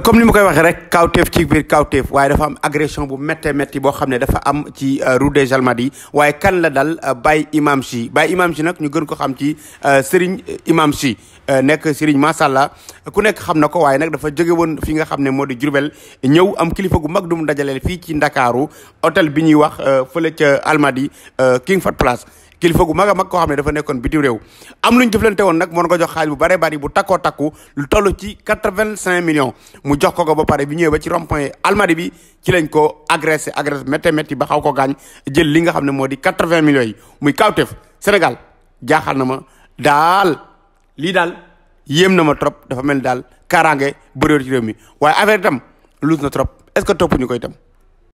comme ni ma koy waxee rek kawteef ci biir kawteef waaye dafa am agression bu méttee métti boo xam ne dafa am ci euh, route des Almadies waaye kan la dal euh, Baye Imam si baay Imam Sy nag ñu gën ko xam ci euh, Serigne Imam Sy nekk Serigne macha allah ku nekk xam na ko waaye nag dafa jóge woon fi nga xam ne moo di Jurbel ñëw am kilifa gu mag du mu dajaleel fii ci Ndakaaru hôtel bi ñuy wax fële ca Almadies King Fahd Palace kilifa gu mag a koo xam ne dafa nekkoon bitim réew am luñ jëflante woon nag moo nga jox xaalis bu bare bari bu takkoo takku lu toll ci quatre-vingt-cinq millions mu jox ko ko ba pare bi ñëwee ba ci rond-point Almadies bi ci lañ ko agressé agressé métti métti ba xaw ko gaañ jël li nga xam ne moo di quatre-vingts millions yi muy kawteef Sénégal jaaxal na ma daal lii daal yéem na ma trop dafa mel ni daal kaaraange bëréer ci réew mi waaye affaire itam luus na trop est-ce ñu koy itam